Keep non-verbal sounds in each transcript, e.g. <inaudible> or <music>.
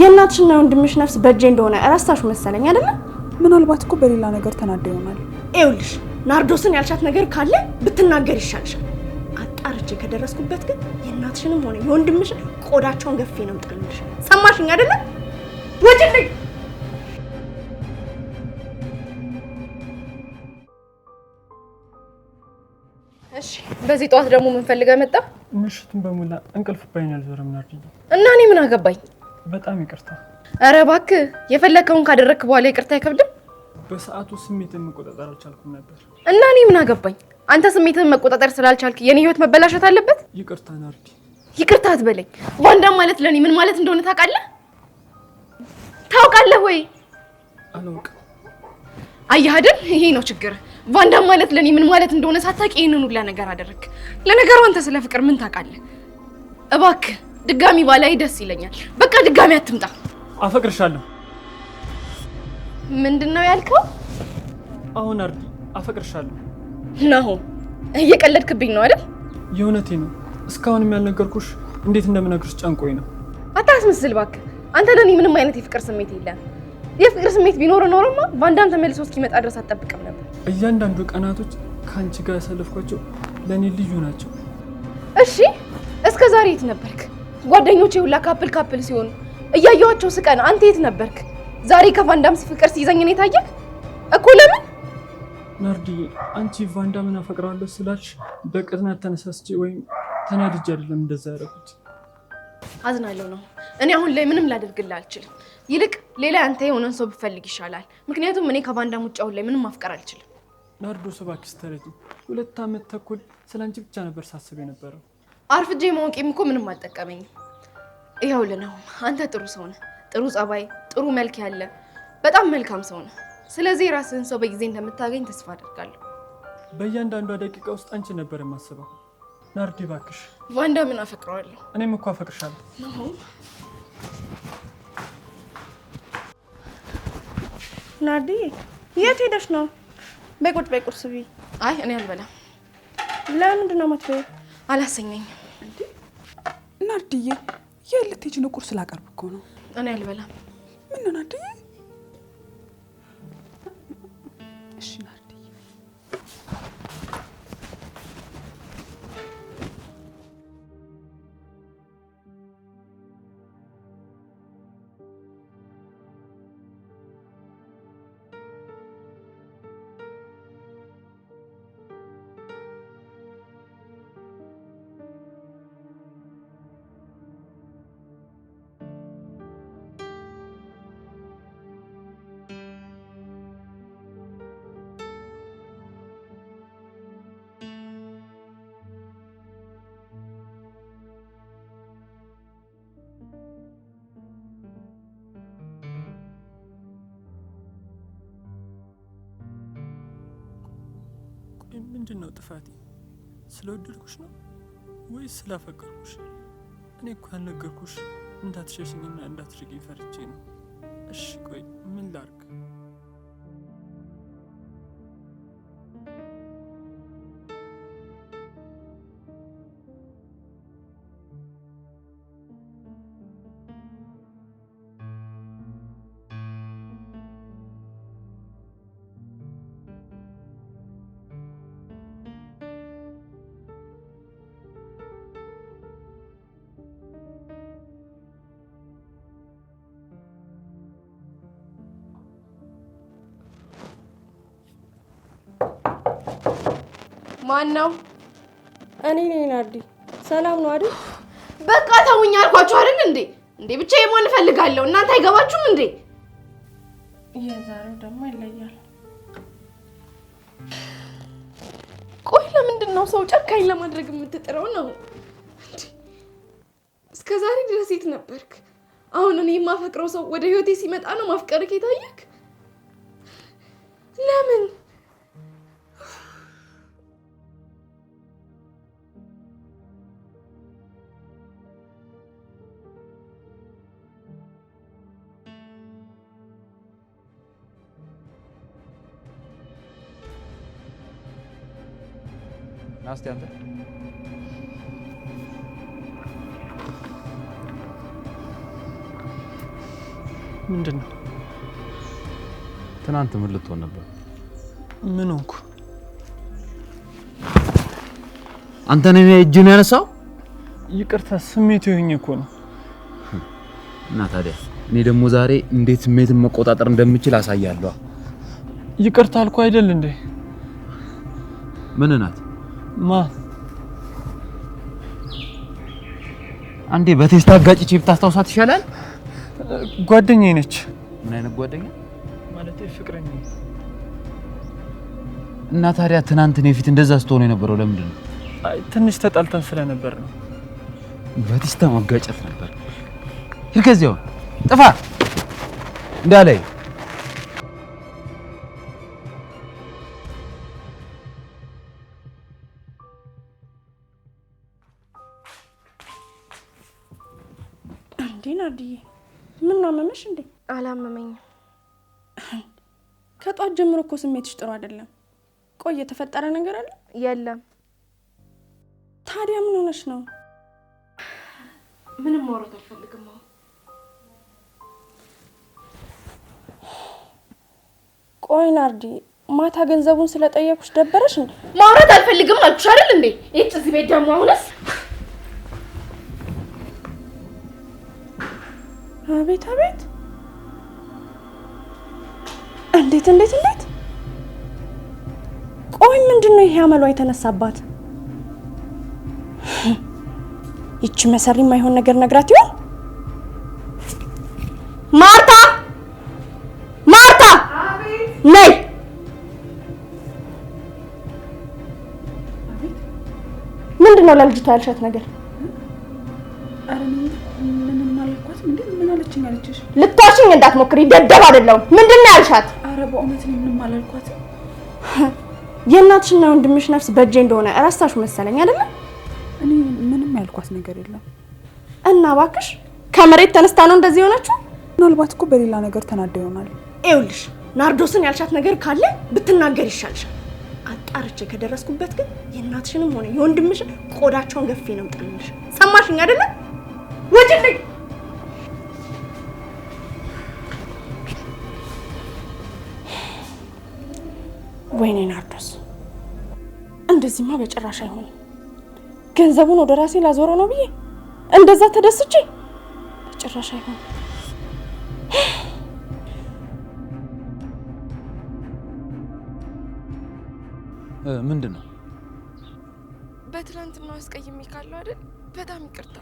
የእናትሽና የወንድምሽ ነፍስ በእጄ እንደሆነ እረሳሽ መሰለኝ አይደለ? ምናልባት እኮ በሌላ ነገር ተናደ ይሆናል። ይኸውልሽ ናርዶስን ያልሻት ነገር ካለ ብትናገር ይሻልሻል። አጣርቼ ከደረስኩበት ግን የእናትሽንም ሆነ የወንድምሽን ቆዳቸውን ገፌ ነው የምጠልልሽ። ሰማሽኝ አይደለ? ወጭልኝ እሺ በዚህ ጠዋት ደግሞ ምን ፈልገህ መጣ? ምሽቱን በሙላ እንቅልፍ ባይን ያልዞረም ናርዲ። እና እኔ ምን አገባኝ? በጣም ይቅርታ። ኧረ እባክህ የፈለከውን ካደረግክ በኋላ ይቅርታ አይከብድም? በሰዓቱ ስሜትን መቆጣጠር አልቻልኩም ነበር እና እኔ ምን አገባኝ? አንተ ስሜትን መቆጣጠር ስላልቻልክ የኔ ህይወት መበላሸት አለበት? ይቅርታ ናርዲ። ይቅርታ አትበለኝ። ዋንዳ ማለት ለእኔ ምን ማለት እንደሆነ ታውቃለህ? ታውቃለህ ወይ? አላውቅም። አየህ አይደል? ይሄ ነው ችግር። ቫንዳ ማለት ለእኔ ምን ማለት እንደሆነ ሳታውቅ ይህንን ሁላ ነገር አደረግ ለነገሩ አንተ ስለ ፍቅር ምን ታውቃለህ? እባክህ ድጋሚ ባላይ ደስ ይለኛል። በቃ ድጋሚ አትምጣ። አፈቅርሻለሁ። ምንድን ነው ያልከው? አሁን አርድ አፈቅርሻለሁ። ናሆም እየቀለድክብኝ ነው አይደል? የእውነቴ ነው። እስካሁንም ያልነገርኩሽ እንዴት እንደምነግርሽ ጨንቆኝ ነው። አታስመስል እባክህ። አንተ ለኔ ምንም አይነት የፍቅር ስሜት የለም። የፍቅር ስሜት ቢኖር ኖሮማ በአንዳንድ ተመልሶ እስኪመጣ ድረስ አትጠብቅም ነበር። እያንዳንዱ ቀናቶች ከአንቺ ጋር ያሳለፍኳቸው ለእኔ ልዩ ናቸው። እሺ፣ እስከ ዛሬ የት ነበርክ? ጓደኞቼ ሁላ ካፕል ካፕል ሲሆኑ እያየኋቸው ስቀን፣ አንተ የት ነበርክ? ዛሬ ከቫንዳም ፍቅር ሲይዘኝ እኔ እኮ ለምን? ናርዲ አንቺ ቫንዳምን አፈቅራለሁ ስላች በቅጥነት ተነሳስቼ ወይም ተናድጄ አይደለም እንደዛ ያደረኩት። አዝናለሁ ነው። እኔ አሁን ላይ ምንም ላደርግልህ አልችልም። ይልቅ ሌላ አንተ የሆነን ሰው ብፈልግ ይሻላል። ምክንያቱም እኔ ከቫንዳም ውጭ አሁን ላይ ምንም ማፍቀር አልችልም። ናርዶ እባክሽ ተረጂ። ሁለት ዓመት ተኩል ስለ አንቺ ብቻ ነበር ሳስብ የነበረው። አርፍጄ ማወቄም እኮ ምንም አልጠቀመኝም። ይኸውልህ ነው አንተ ጥሩ ሰው ነህ፣ ጥሩ ጸባይ፣ ጥሩ መልክ ያለ በጣም መልካም ሰው ነህ። ስለዚህ የራስህን ሰው በጊዜ እንደምታገኝ ተስፋ አደርጋለሁ። በእያንዳንዷ ደቂቃ ውስጥ አንቺ ነበር የማስበው። ናርዲ እባክሽ። ቫንዳ ምን አፈቅረዋለሁ። እኔም እኮ አፈቅርሻለሁ። ናርዲ የት ሄደሽ ነው? በቁጭ ቁጭ በይ አይ እኔ አልበላም። ለምንድን ነው አላሰኘኝም። ናርድዬ፣ የለት ሄጂ ነው ቁርስ ላቀርብ እኮ ነው። እኔ አልበላም። ምን ነው ናርድዬ ምንድን ነው ጥፋቴ? ስለወደድኩሽ ነው ወይስ ስላፈቀርኩሽ? እኔ እኮ ያልነገርኩሽ እንዳትሸሽኝና እንዳትርቂኝ ፈርቼ ነው። እሺ ቆይ ምን ላርግ? ማን ነው? እኔ ነኝ ናርዲ። ሰላም ነው አይደል? በቃ ተውኝ አልኳችሁ አይደል እንዴ? እንዴ ብቻ የመሆን እፈልጋለሁ። እናንተ አይገባችሁም እንዴ? የዛሬው ደግሞ ይለያል። ቆይ ለምንድን ነው ሰው ጨካኝ ለማድረግ የምትጥረው ነው? እስከ ዛሬ ድረስ የት ነበርክ? አሁን እኔ የማፈቅረው ሰው ወደ ህይወቴ ሲመጣ ነው ማፍቀርክ የታየክ? ለምን Nastja, አንተ ምንድን ነው? ትናንት ምን ልትሆን ነበር? ምን ሆንኩ? አንተ ነህ እጅን ያነሳው? ይቅርታ፣ ስሜት ይሁኝ እኮ ነው። እና ታዲያ እኔ ደግሞ ዛሬ እንዴት ስሜትን መቆጣጠር እንደምችል አሳያለሁ። ይቅርታ አልኩ አይደል እንዴ? ምን ናት? አንዴ በቴስታ አጋጭቼ ብታስታውሳት ይሻላል። ጓደኛዬ ነች። ምን አይነት ጓደኛ? ማለት ፍቅረኛ። እና ታዲያ ትናንት እኔ ፊት እንደዛ ስትሆኑ የነበረው ለምንድን ነው? ትንሽ ተጣልተን ስለነበር ነው። በቴስታ ማጋጨት ነበር። ሂድ ጥፋ አመመሽ እንዴ? አላመመኝም። ከጧት ጀምሮ እኮ ስሜትሽ ጥሩ አይደለም። ቆይ የተፈጠረ ነገር አለ? የለም። ታዲያ ምን ሆነሽ ነው? ምንም ማውራት አልፈልግም። ቆይ ናርዲ፣ ማታ ገንዘቡን ስለጠየኩሽ ደበረሽ እንዴ? ማውራት አልፈልግም አልኩሽ አይደል እንዴ? ይህች እዚህ ቤት ደግሞ አሁንስ አቤት አቤት! እንዴት እንዴት እንዴት! ቆይ ምንድን ነው ይሄ አመሏ የተነሳባት? ይቺ መሰሪ የማይሆን ነገር ነግራት ይሆን? ማርታ ማርታ፣ ነይ ምንድን ነው ለልጅቷ ያልሻት ነገር? ልትዋሽኝ እንዳትሞክሪ፣ ደደብ አይደለሁም። ምንድን ነው ያልሻት? ኧረ በእውነት ምንም አላልኳትም። <laughs> የእናትሽና የወንድምሽ ነፍስ በእጄ እንደሆነ እረሳሽ መሰለኝ አይደለ? እኔ ምንም ያልኳት ነገር የለም። እና እባክሽ ከመሬት ተነስታ ነው እንደዚህ የሆነችው? ምናልባት እኮ በሌላ ነገር ተናዳ ይሆናል። ይኸውልሽ ናርዶስን ያልሻት ነገር ካለ ብትናገር ይሻልሻል። አጣርቼ ከደረስኩበት ግን የእናትሽንም ሆነ የወንድምሽን ቆዳቸውን ገፌ ነው የምጠልልሽ። ሰማሽኝ አይደለም? ወጅልኝ ወይኔ ናርዶስ፣ እንደዚህማ በጭራሽ አይሆንም። ገንዘቡን ወደ ራሴ ላዞረው ነው ብዬ እንደዛ ተደስቼ በጭራሽ አይሆንም። ምንድን ነው? በትናንትና አስቀይሜ ካለው አይደል? በጣም ይቅርታ።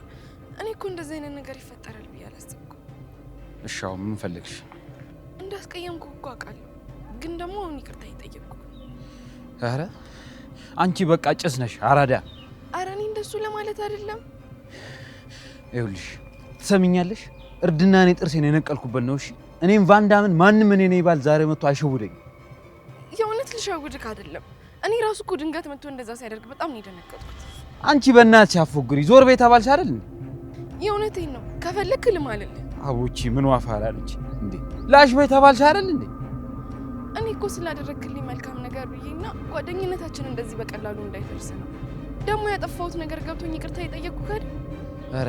እኔ እኮ እንደዚህ አይነት ነገር ይፈጠራል ብዬ አላሰብኩም። እሻው ምን ፈለግሽ? እንዳስቀየምኩ እኮ አውቃለሁ፣ ግን ደግሞ አሁን ይቅርታ ይጠየቅኩ አረ አንቺ በቃ ጭስ ነሽ አራዳ። አረ እኔ እንደሱ ለማለት አይደለም። ይኸውልሽ ትሰሚኛለሽ፣ እርድና እኔ ጥርሴን የነቀልኩበት ነው። እሺ እኔም ቫንዳምን ማንም እኔ ነኝ ባል ዛሬ መጥቶ አይሸውደኝ። የእውነት ልሸውድክ አይደለም። እኔ ራሱ እኮ ድንገት መጥቶ እንደዛ ሲያደርግ በጣም ነው የደነገጥኩት። አንቺ በእናትሽ አፎግሪ፣ ዞር ቤት አባልሽ አይደል? የእውነቴን ነው። ከፈለክ ልማልልህ። አቦቺ ምን ዋፋ አላለች እንዴ? ላሽ ቤት አባልሽ አይደል እንዴ? እኔ እኮ ስላደረግክልኝ መልካም ነገር ብዬና ጓደኝነታችን እንደዚህ በቀላሉ እንዳይፈርስ ነው። ደግሞ ያጠፋሁት ነገር ገብቶኝ ይቅርታ የጠየቅኩ ከድ ኧረ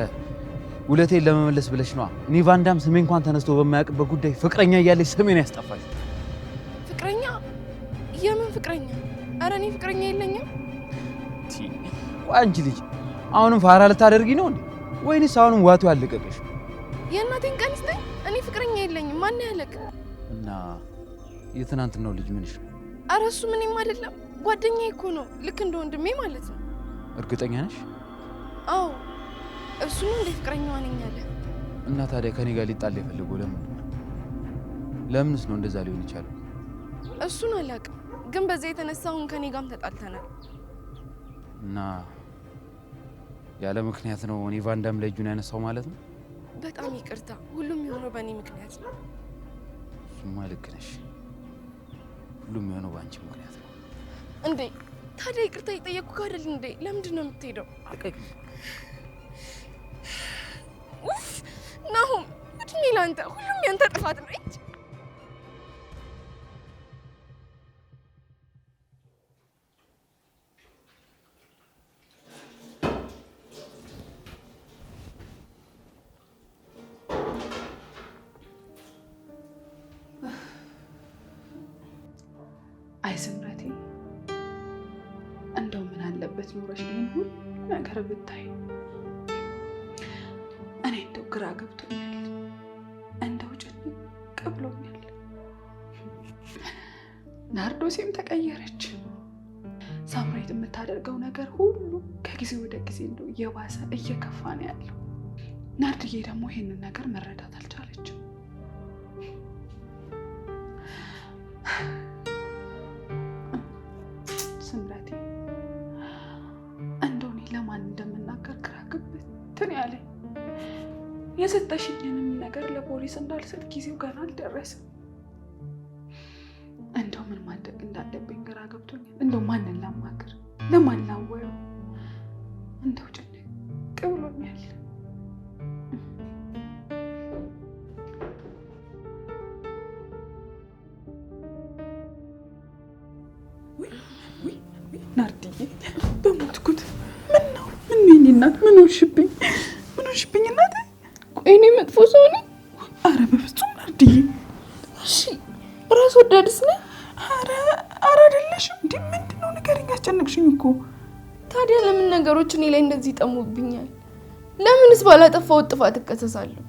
ውለቴን ለመመለስ ብለሽ ነዋ። እኔ ቫንዳም ስሜ እንኳን ተነስቶ በማያውቅበት ጉዳይ ፍቅረኛ እያለች ስሜን ያስጠፋች ፍቅረኛ? የምን ፍቅረኛ? ኧረ እኔ ፍቅረኛ የለኝም። ቆይ አንቺ ልጅ አሁንም ፋራ ልታደርጊ ነው እንዴ? ወይንስ አሁንም ዋቱ ያለቀቀሽ? የእናቴን ቀንስ እኔ ፍቅረኛ የለኝም። ማን ያለቅ እና የትናንትናው ልጅ ምንሽ ነው? ኧረ እሱ ምንም አይደለም፣ ጓደኛዬ እኮ ነው። ልክ እንደ ወንድሜ ማለት ነው። እርግጠኛ ነሽ? አዎ፣ እሱ ነው እንደ ፍቅረኛዋ ነኝ እና ታዲያ ከኔ ጋር ሊጣል የፈለገው ለምን ነው? ለምንስ ነው እንደዛ ሊሆን ይቻላል? እሱን አላውቅም፣ ግን በዛ የተነሳውን ከኔ ጋርም ተጣልተናል። እና ያለ ምክንያት ነው እኔ ቫንዳም ለእጁን ያነሳው ማለት ነው። በጣም ይቅርታ፣ ሁሉም የሆነው በእኔ ምክንያት ነው። እሱማ ልክ ነሽ። ሁሉም የሆነው በአንቺ ምክንያት ነው እንዴ? ታዲያ ይቅርታ የጠየቅኩ ካደል እንዴ? ለምንድን ነው የምትሄደው? አቀቅ ናሁም እድሜ ላንተ፣ ሁሉም ያንተ ጥፋት ነው። ኖረች ኖረች ይህን ሁሉ ነገር ብታይ እኔ እንደው ግራ ገብቶኛል፣ እንደው ጭንቅ ብሎኛል። ናርዶሴም ተቀየረች። ሳምሬት የምታደርገው ነገር ሁሉ ከጊዜ ወደ ጊዜ እንደው እየባሰ እየከፋ ነው ያለው። ናርድዬ ደግሞ ይሄንን ነገር መረዳት እንትን ያለ የሰጠሽኝንም ነገር ለፖሊስ እንዳልሰጥ ጊዜው ገና አልደረሰም። ራስ ወዳድስ ነ አረ አይደለሽ እንዲ ምንድን ነው ንገሪኝ፣ አስጨነቅሽኝ እኮ። ታዲያ ለምን ነገሮች እኔ ላይ እንደዚህ ይጠሙብኛል? ለምንስ ባላጠፋው ጥፋት እከሰሳለሁ?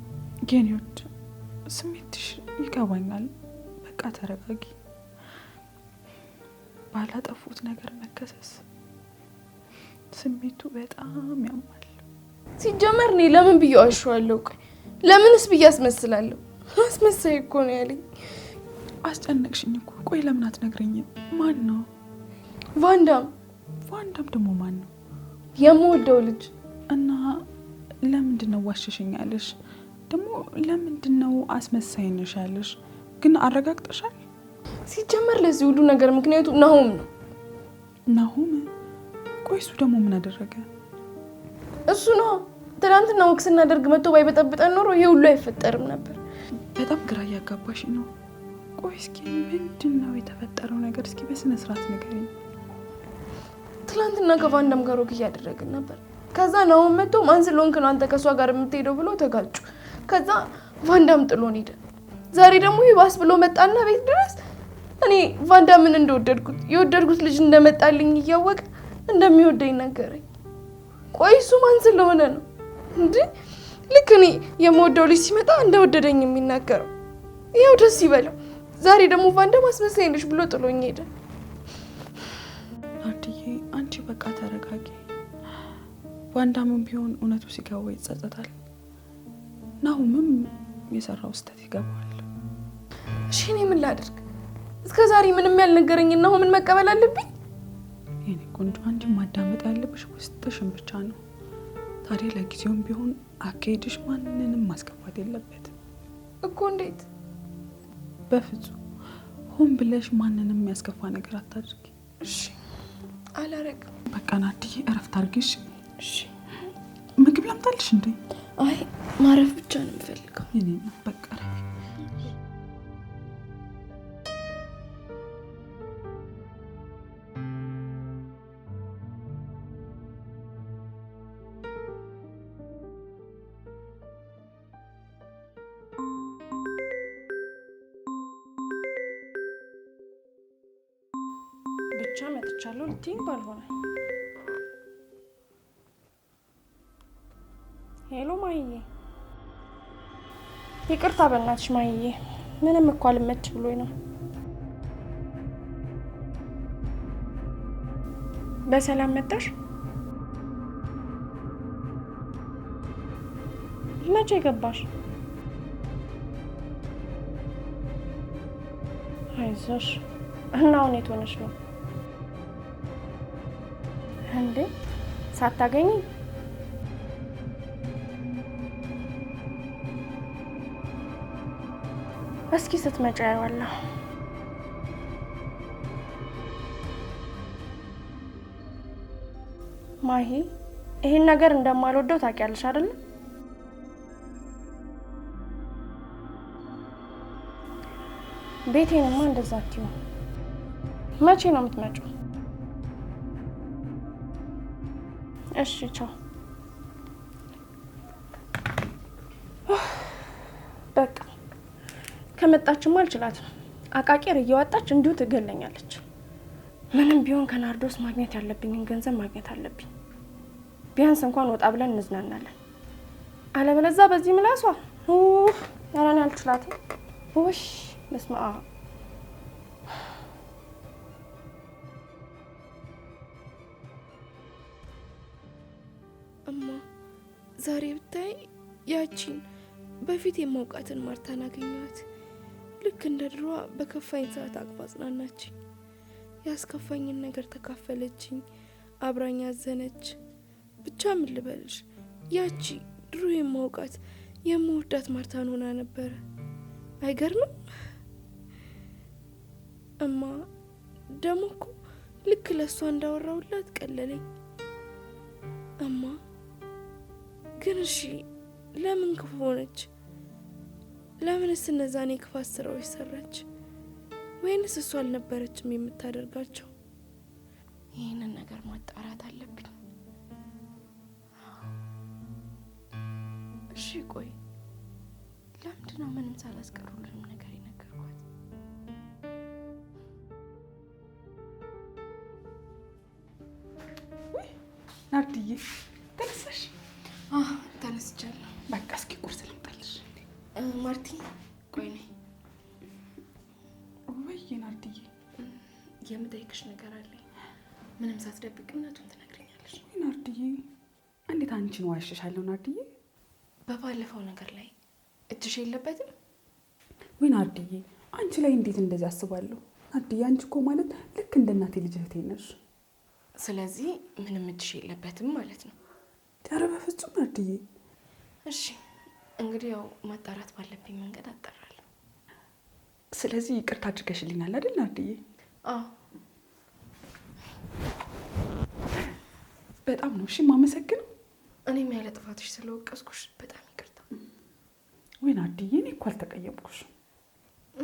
የኔ ስሜትሽ ይገባኛል። በቃ ተረጋጊ። ባላጠፉት ነገር መከሰስ ስሜቱ በጣም ያማል። ሲጀመር እኔ ለምን ብዬ አሸዋለሁ? ቆይ ለምንስ ብዬ አስመስላለሁ? አስመሳይ እኮ ነው ያለኝ አስጨነቅሽኝ እኮ። ቆይ ለምን አትነግረኝም? ማን ነው? ቫንዳም። ቫንዳም ደግሞ ማን ነው? የምወደው ልጅ እና ለምንድን ነው ዋሸሽኝ ያለሽ? ደግሞ ለምንድን ነው አስመሳይ ያለሽ? ግን አረጋግጠሻል? ሲጀመር ለዚህ ሁሉ ነገር ምክንያቱ ናሆም ነው። ናሆም? ቆይ እሱ ደግሞ ምን አደረገ? እሱ ነው ትናንትና ወክስ ስናደርግ መጥቶ ባይበጠብጠን ኖሮ ይህ ሁሉ አይፈጠርም ነበር። በጣም ግራ እያጋባሽ ነው። ቆይ እስኪ ምንድን ነው የተፈጠረው ነገር? እስኪ በስነ ስርዓት ነገር። ትላንትና ከቫንዳም ጋር ወግ እያደረግን ነበር። ከዛ ናሆም መጥቶ ማን ስለሆንክ ነው አንተ ከእሷ ጋር የምትሄደው ብሎ ተጋጩ። ከዛ ቫንዳም ጥሎን ሄደ። ዛሬ ደግሞ ይባስ ብሎ መጣና ቤት ድረስ እኔ ቫንዳምን እንደወደድኩት የወደድኩት ልጅ እንደመጣልኝ እያወቀ እንደሚወደኝ ነገረኝ። ቆይ እሱ ማን ስለሆነ ነው እንዴ? ልክ እኔ የምወደው ልጅ ሲመጣ እንደወደደኝ የሚናገረው? ይኸው ደስ ይበለው። ዛሬ ደግሞ ቫንዳ ማስመሰለኝ ልጅ ብሎ ጥሎኝ ሄደ። ናርድዬ አንቺ በቃ ተረጋጊ። ቫንዳምም ቢሆን እውነቱ ሲገባው ይጸጸታል። ናሁምም የሰራው ስህተት ይገባዋል። እሺ እኔ ምን ላድርግ? እስከ ዛሬ ምንም ያልነገረኝ ናሁምን መቀበል አለብኝ? የኔ ቆንጆ አንቺ ማዳመጥ ያለብሽ ውስጥሽን ብቻ ነው። ታዲያ ለጊዜውም ቢሆን አካሄድሽ ማንንም ማስገባት የለበትም እኮ እንዴት በፍጹም ሆን ብለሽ ማንንም የሚያስከፋ ነገር አታድርጊ። እሺ፣ አላረግም። በቃ ናድዬ እረፍት አድርጊሽ። እሺ፣ ምግብ ላምጣልሽ እንዴ? አይ ማረፍ ብቻ ነው የምፈልገው። በቃ ብትይኝ ባልሆነ። ሄሎ ማይዬ፣ ይቅርታ በእናትሽ ማይዬ፣ ምንም እኮ አልመች ብሎኝ ነው። በሰላም መጣሽ? መቼ ገባሽ? አይዞሽ። እና አሁን ሆነሽ ነው? እንዴ ሳታገኝ እስኪ ስትመጪ አየዋለሁ። ማሂ ይህን ነገር እንደማልወደው ታውቂያለሽ አይደለ? ቤቴንማ እንደዛ አትይው። መቼ ነው የምትመጪው? እሺ ቻው። በቃ ከመጣችማ አልችላትም። አቃቂር እየወጣች እንዲሁ ትገለኛለች። ምንም ቢሆን ከናርዶስ ማግኘት ያለብኝን ገንዘብ ማግኘት አለብኝ። ቢያንስ እንኳን ወጣ ብለን እንዝናናለን። አለበለዛ በዚህ ምላሷ ኧረ አልችላትም። ውይ በስመ አብ ዛሬ ብታይ ያቺን በፊት የማውቃትን ማርታን አገኘኋት። ልክ እንደ ድሯ በከፋኝ ሰዓት አቅፋ አጽናናችኝ። ያስከፋኝን ነገር ተካፈለችኝ፣ አብራኝ አዘነች። ብቻ ምን ልበልሽ ያቺ ድሮ የማውቃት የምወዳት ማርታን ሆና ነበረ። አይገርምም? እማ ደግሞ እኮ ልክ ለእሷ እንዳወራውላት ቀለለኝ እማ ግን እሺ ለምን ክፉ ሆነች? ለምንስ እነዛን የክፋት ስራዎች ሰራች? ወይንስ እሱ አልነበረችም የምታደርጋቸው? ይህንን ነገር ማጣራት አለብኝ። እሺ ቆይ ለምንድን ነው ምንም ሳላስቀሩልንም ነገር የነገርኳት? ናርድዬ ማርቲ ቆይ ነይ። ወይ ናርድዬ የምጠይቅሽ ነገር አለኝ። ምንም ሳትደብቅ እውነቱን ትነግረኛለሽ። ናርድዬ እንዴት አንቺን ዋሽሻለሁ? ናርድዬ በባለፈው ነገር ላይ እጅሽ የለበትም። ወይ ናርድዬ አንቺ ላይ እንዴት እንደዚህ አስባለሁ? ናርድዬ አንቺ እኮ ማለት ልክ እንደ እናቴ ልጅ እህቴ ነሽ። ስለዚህ ምንም እጅሽ የለበትም ማለት ነው? ኧረ በፍጹም ናርድዬ። እሺ እንግዲህ ያው ማጣራት ባለብኝ መንገድ አጣራለሁ። ስለዚህ ይቅርታ አድርገሽልኛል አይደል ናርድዬ? አዎ በጣም ነው እሺ የማመሰግነው። እኔም ያለ ጥፋትሽ ስለወቀስኩሽ በጣም ይቅርታ። ወይ ናርድዬ፣ እኔ እኮ አልተቀየምኩሽ።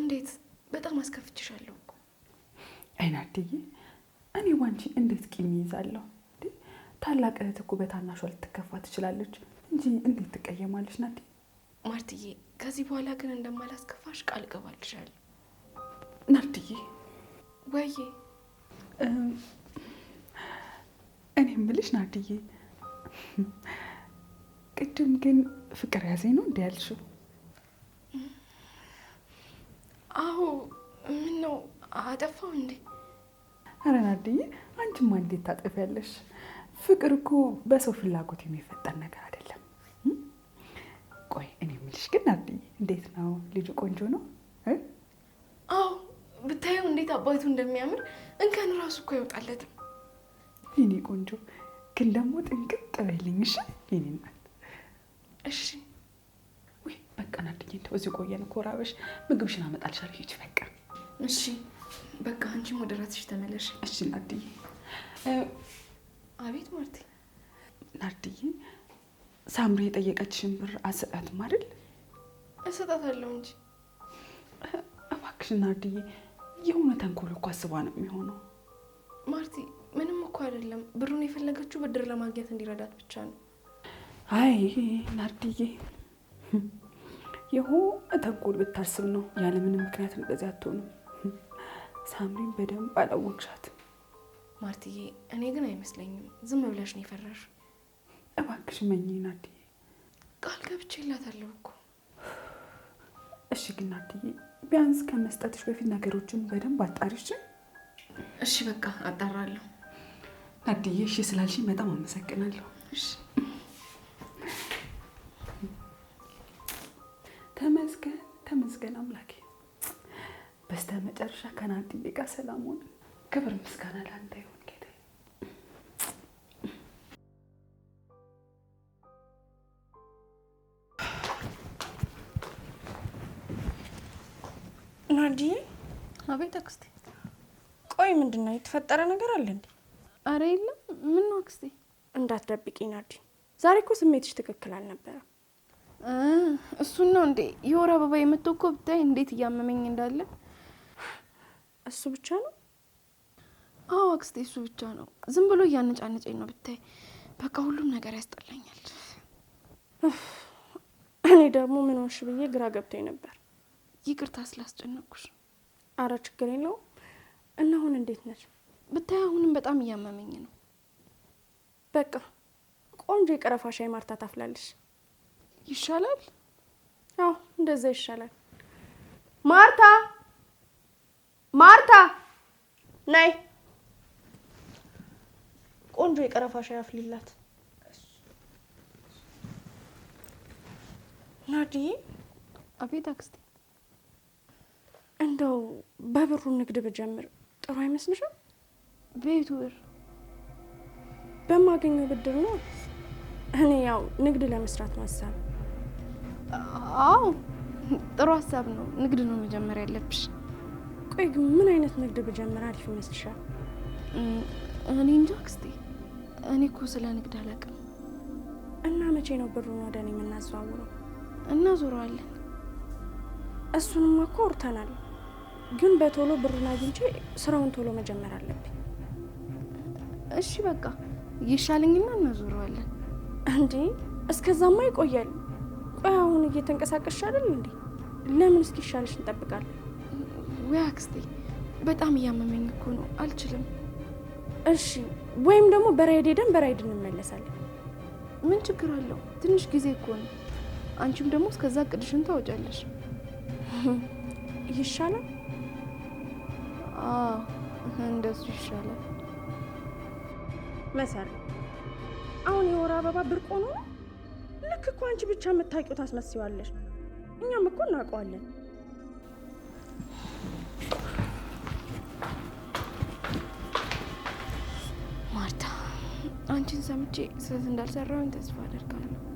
እንዴት? በጣም አስከፍችሻለሁ እኮ። አይ ናርድዬ፣ እኔ ዋንቺ እንዴት ቂም ይይዛለሁ? ታላቅ እህት እኮ በታናሿ ልትከፋ ትችላለች እንጂ እንዴት ትቀየማለች ናርድዬ? ማርትዬ ከዚህ በኋላ ግን እንደማላስከፋሽ ቃል ገባልሻል። ናርትዬ ወይ እኔ እምልሽ ናርትዬ፣ ቅድም ግን ፍቅር ያዘኝ ነው እንዲ ያልሽው? አዎ። ምን ነው አጠፋው እንዴ? አረ ናርትዬ፣ አንቺማ እንዴት ታጠፊያለሽ? ፍቅር እኮ በሰው ፍላጎት የሚፈጠር ነገር አይደለም። ቆይ እኔ የምልሽ ግን አብይ እንዴት ነው ልጁ? ቆንጆ ነው? አዎ ብታየው እንዴት አባቱ እንደሚያምር እንከን ራሱ እኮ አይወጣለትም። የኔ ቆንጆ ግን ደግሞ ጥንቅጥ በይልኝ እሺ። የኔ እናት እሺ። ወይ በቃ ናድኝ። እንደው እዚህ ቆየን እኮ ራበሽ። ምግብሽን አመጣልሻለሁ ሂጂ በቃ። እሺ በቃ አንቺም ወደ ራስሽ ተመለሽ። እሺ ናድዬ። አቤት ማርቲ። ናድዬ ሳምሪ የጠየቀችሽን ብር አሰጣት አይደል? እሰጣታለሁ እንጂ እባክሽን ናርድዬ፣ የሆነ ተንኮል እኮ አስባ ነው የሚሆነው። ማርቲ፣ ምንም እኮ አይደለም። ብሩን የፈለገችው ብድር ለማግኘት እንዲረዳት ብቻ ነው። አይ ናርድዬ፣ የሆነ ተንኮል ብታስብ ነው ያለምንም ምክንያት እንደዚህ አትሆንም። ሳምሪን በደንብ አላወቅሻት ማርትዬ። እኔ ግን አይመስለኝም፣ ዝም ብለሽ ነው የፈራሽው እባክሽ መኝና አድዬ ቃል ገብቼላታለሁ እኮ። እሺ ግን አድዬ ቢያንስ ከመስጠትሽ በፊት ነገሮችን በደንብ አጣሪሽ። እሺ በቃ አጣራለሁ። ናድዬ እሺ ስላልሽኝ በጣም አመሰግናለሁ። እሺ ተመስገን ተመስገን አምላኬ። በስተመጨረሻ ከናድዬ ጋር ሰላም ሆነ። ክብር ምስጋና ለአንተ ይሁን። ናርዲዬ? አቤት አክስቴ። ቆይ ምንድን ነው የተፈጠረ ነገር አለ እንዴ? አረ የለም። ምን ነው አክስቴ? እንዳትደብቂ ናርዲ፣ ዛሬ እኮ ስሜትሽ ትክክል አልነበረም። እሱን ነው እንዴ? የወር አበባ የመጣው እኮ ብታይ እንዴት እያመመኝ እንዳለ። እሱ ብቻ ነው? አዎ አክስቴ፣ እሱ ብቻ ነው። ዝም ብሎ እያነጫነጨኝ ነው ብታይ። በቃ ሁሉም ነገር ያስጠላኛል። እኔ ደግሞ ምን ሆንሽ ብዬ ግራ ገብቶኝ ነበር። ይቅርታ ስላስጨነቅኩሽ። አረ ችግር የለው እና አሁን እንዴት ነች? ብታይ አሁንም በጣም እያመመኝ ነው። በቃ ቆንጆ የቀረፋ ሻይ ማርታ ታፍላለሽ። ይሻላል? አዎ እንደዛ ይሻላል። ማርታ ማርታ ናይ ቆንጆ የቀረፋ ሻይ አፍሊላት። ናዲ። አቤት አክስቴ እንደው በብሩ ንግድ ብጀምር ጥሩ አይመስልሽም? ቤቱ ብር በማገኘው ብድር ነው። እኔ ያው ንግድ ለመስራት ማሰብ። አዎ ጥሩ ሀሳብ ነው። ንግድ ነው መጀመር ያለብሽ። ቆይ ግን ምን አይነት ንግድ ብጀምር አሪፍ ይመስልሻል? እኔ እንጃ አክስቴ፣ እኔ እኮ ስለ ንግድ አላውቅም። እና መቼ ነው ብሩን ወደ እኔ የምናዘዋውረው? እናዞረዋለን። እሱንም እኮ አውርተናል። ግን በቶሎ ብሩን አግኝቼ ስራውን ቶሎ መጀመር አለብኝ። እሺ በቃ ይሻለኝና እናዞረዋለን። እንዴ እስከዛማ ይቆያል። ቆይ አሁን እየተንቀሳቀስሽ አይደል እንዴ? ለምን እስኪሻለሽ እንጠብቃለን? ወይ አክስቴ፣ በጣም እያመመኝ እኮ ነው፣ አልችልም። እሺ ወይም ደግሞ በራይድ ሄደን በራይድ እንመለሳለን። ምን ችግር አለው? ትንሽ ጊዜ እኮ ነው። አንቺም ደግሞ እስከዛ ቅድሽን ታወጫለሽ። ይሻላል እንደሱ ይሻላል። መሰረ አሁን የወር አበባ ብርቆ ሆኖ ነው? ልክ እኮ አንቺ ብቻ የምታውቂው ታስመስዋለሽ። እኛም እኮ እናውቀዋለን። ማርታ፣ አንቺን ሰምቼ ስህተት እንዳልሰራሁኝ ተስፋ አደርጋለሁ።